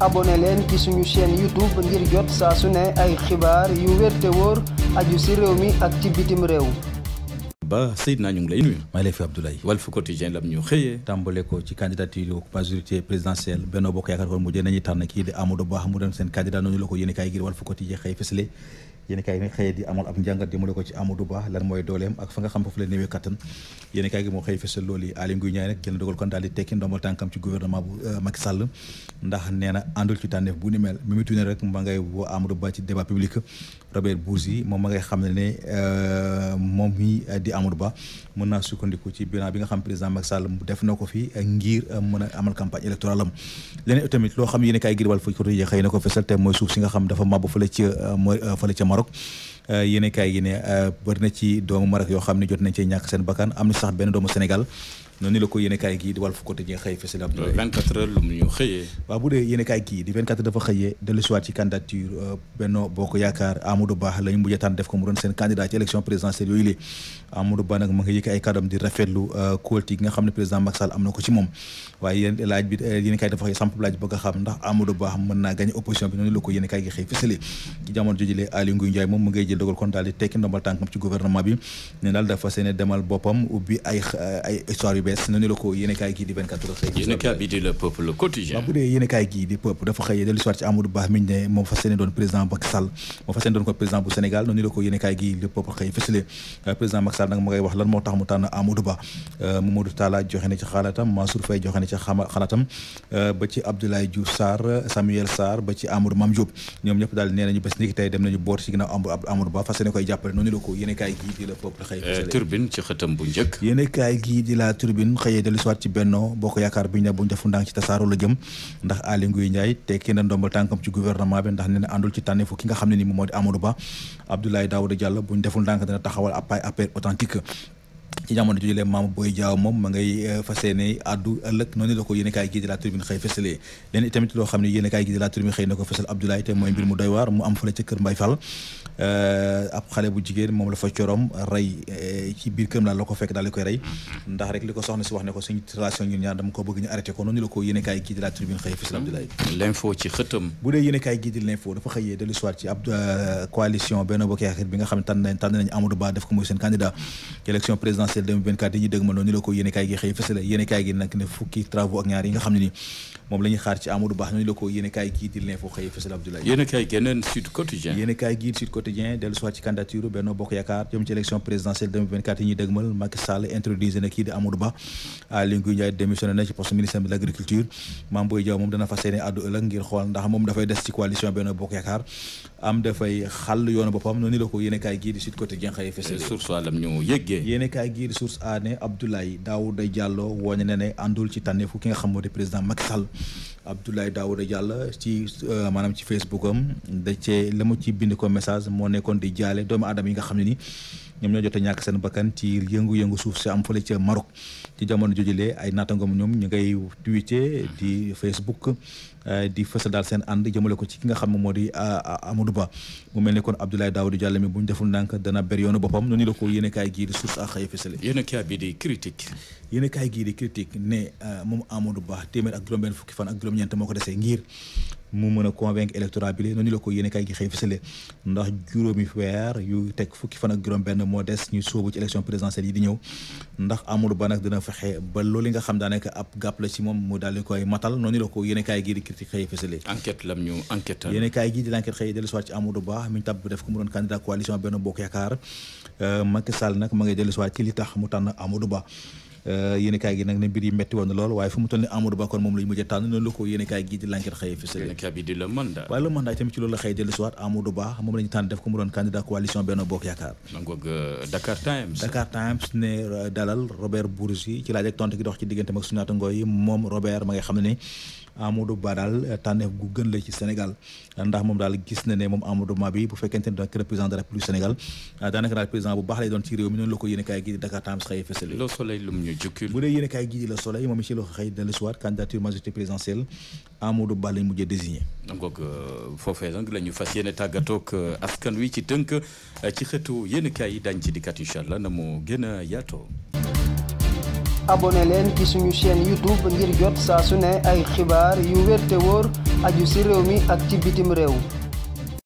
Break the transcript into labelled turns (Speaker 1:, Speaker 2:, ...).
Speaker 1: abone leen ki suñu chaîne YouTube ngir jot saa su ne ay xibaar yu wér woor wóor ci réew mi ak ci bitim réew ba Seydina ñu ngi lay nuyu. maa ngi lay fay Abdoulaye. Walf Quotidien lam ñu xëyee. tàmbale ko ci candidature majorité présidentielle Benno Bokk Yaakaar kon mu jël seen candidat noonu la ko yéen a kaay ngir Walf Quotidien xëy xëy di amal ab njàngat moo xëy fësal loolu yi Aly Ngouille Ndiaye na dogal kon daal di tekki ndombal tànkam ci gouvernement bu euh, Macky Sall ndax nee na ci tànneef bu ni mel mi mu tuune rek ma ngay woo Amadou Ba ci débat public xam ne ne euh, moom mi eh, di Amadou Ba mën naa sukkandiku ci bilan bi nga xam président Macky Sall def na ko fi eh, ngir eh, mën a amal campagne électorale am leneen tamit loo xam yéen kay gir wàll fa ko tëjee xëy na ko fesal te mooy suuf si nga xam dafa mabbu fële ca mooy fële ca Maroc yéen kay gi ne bëri na ci doomu Maroc yoo xam ne jot nañ cee ñàkk seen bakkan am na sax benn doomu Sénégal noonu la ko yéenekaay gii di Walf Quotidien xëy di 24 dafa xëyee dellu siwaat ci euh, euh, am na ko ci moom waaye laaj bi euh, yéenekaay dafa xëy samp laaj bëgg a xam ndax Amadou Ba mën naa gagné moom mu ngay jël dogal kon daal di tekki ndombal tànkam ci gouvernement bi ne daal dafa seene demal boppam ubbi ay histoire yu bees nañu la ko yéenekaay gii di gii di peuple dafa Ba miñ ne moom fas yéene gii le peuple xëy euh, Ba euh, Mamadou Talla joxe na ci euh, gii di le turbine ci xëtam bu njëkk yéenekaay gii di la turbine tribune xëyee dellu siwaat ci Benno Bokk Yaakaar bi ñu ne bu ñu defu ndànk ci tasaaro la jëm ndax Aly Ngouille Ndiaye tekki na ndombal tànkam ci gouvernement bi ndax nee na àndul ci tànneefu ki nga xam ne ni moom moo di Amadou Ba Abdoulaye Daouda Diallo bu ñu deful ndànk dina taxawal ab APR authentique ci jamono jooju leen maam Boy Diaw moom ma ngay euh, fas yéene addu ëllëg noonu la ko yéen kaay gii tribune xëy fësalee leen itamit na ko fësal Abdoulaye te mooy mbir mu euh, euh, ci biir bu dee yéen kaay gii dafa xëyee dellu soir coalition Benno Bokk Yaakaar bi nga xam ne tànn tànn nañ Amadou Ba def ko muy seen candidat ci élection présidentielle yi ñu dëgmal noonu la ko nag kii di Amadou Ba Aly Ngouille Ndiaye démissionné ci poste ministère de l' agriculture Mame Boye moom dana fas yéene àddu ëllëg ngir xool ndax moom dafay des ci coalition Benno Bokk Yaakaar am dafay xàll yoonu boppam noonu la ko yéene kaay gii di Sud Quotidien xëy fësale biir source a ne Abdoulaye Daouda jàlloo wooñe ne ne àndul ci tànneefu ki nga xam moo di président Macky Sall Abdoulaye Daouda Diallo ci euh, maanaam ci Facebook am da cee la ci bind ko message moo nekkoon di jaale doomu aadama yi nga xam ne nii ñoom ñoo jot a ñàkk seen bakkan ci yëngu-yëngu suuf si am fële ca Maroc ci jamono jojilee ay naataangoom ñoom ñu ngay tweeté di Facebook eh, di fësal daal seen ànd jëmale ko ci ki nga xam ne moo di ah, ah, Amadou Ba mu mel ni kon Abdoulaye Daouda Diallo mi bu ñu deful ndànk dana ber yoonu boppam noonu la ko yéenekaay gii di source a xëy fësale yéenekaay bi di critique gii di critique ne eh, moom Amadou Ba téeméer ak juróom-benn fukki fan ak juróom-ñeent moo ko desee ngir mu mën a convaincre électorat bi la noonu la ko yéene kay gi xëy fësale ndax juróomi weer yu teg fukki fan ak juróom benn moo des ñu sóobu ci élection présidentielle yi di ñëw ndax Amadou Ba nag dina fexe ba loolu nga xam daanaka ab gàpp la ci moom mu daal di koy matal noonu la ko yéene gi di critique xëy fësale enquête lam ñu enquête yéene kay gi di l'enquête xëy dellu soit ci Amadou Ba mi ñu tàbb def ko mu doon candidat coalition Benno Bokk Yaakaar euh, Macky Sall nag ma ngay dellu soit ci mu tànn Amadou Euh, yéen kaay gi nag ne mbir yi metti woon na lool waaye fu mu toll ni Amadou Ba kon moom la tànn ci loolu la def ko mu doon candidat coalition Benno Bokk Yaakaar euh, Dakar euh, dox ci digganteem ak moom Robert ma nga xam Ba daal tànneef gu gën la ci Sénégal ndax moom daal gis na ne moom Amadou bi bu fekkente ne daanaka président de la République Sénégal daanaka daal président bu baax lay doon ci réew mi noonu la ko yéen kaay gi di Dakar Times xëyee fësal Diocul bu dee yéen a kaay gii la Soleil moom ci la xëy dina la suwaat majorité présidentielle Amadou Ba lañ mujjee désigné donc euh, foofee nag la ñu fas yéene tàggatoog euh, askan wi ci tënk euh, ci xëtu yéen a kaay yi daañu ci dikkaat incha allah na mu gën a yaatoo abonné leen ci suñu chaîne youtube ngir jot saa su ne ay xibaar yu wér te wóor aju si réew mi ak ci bitim réew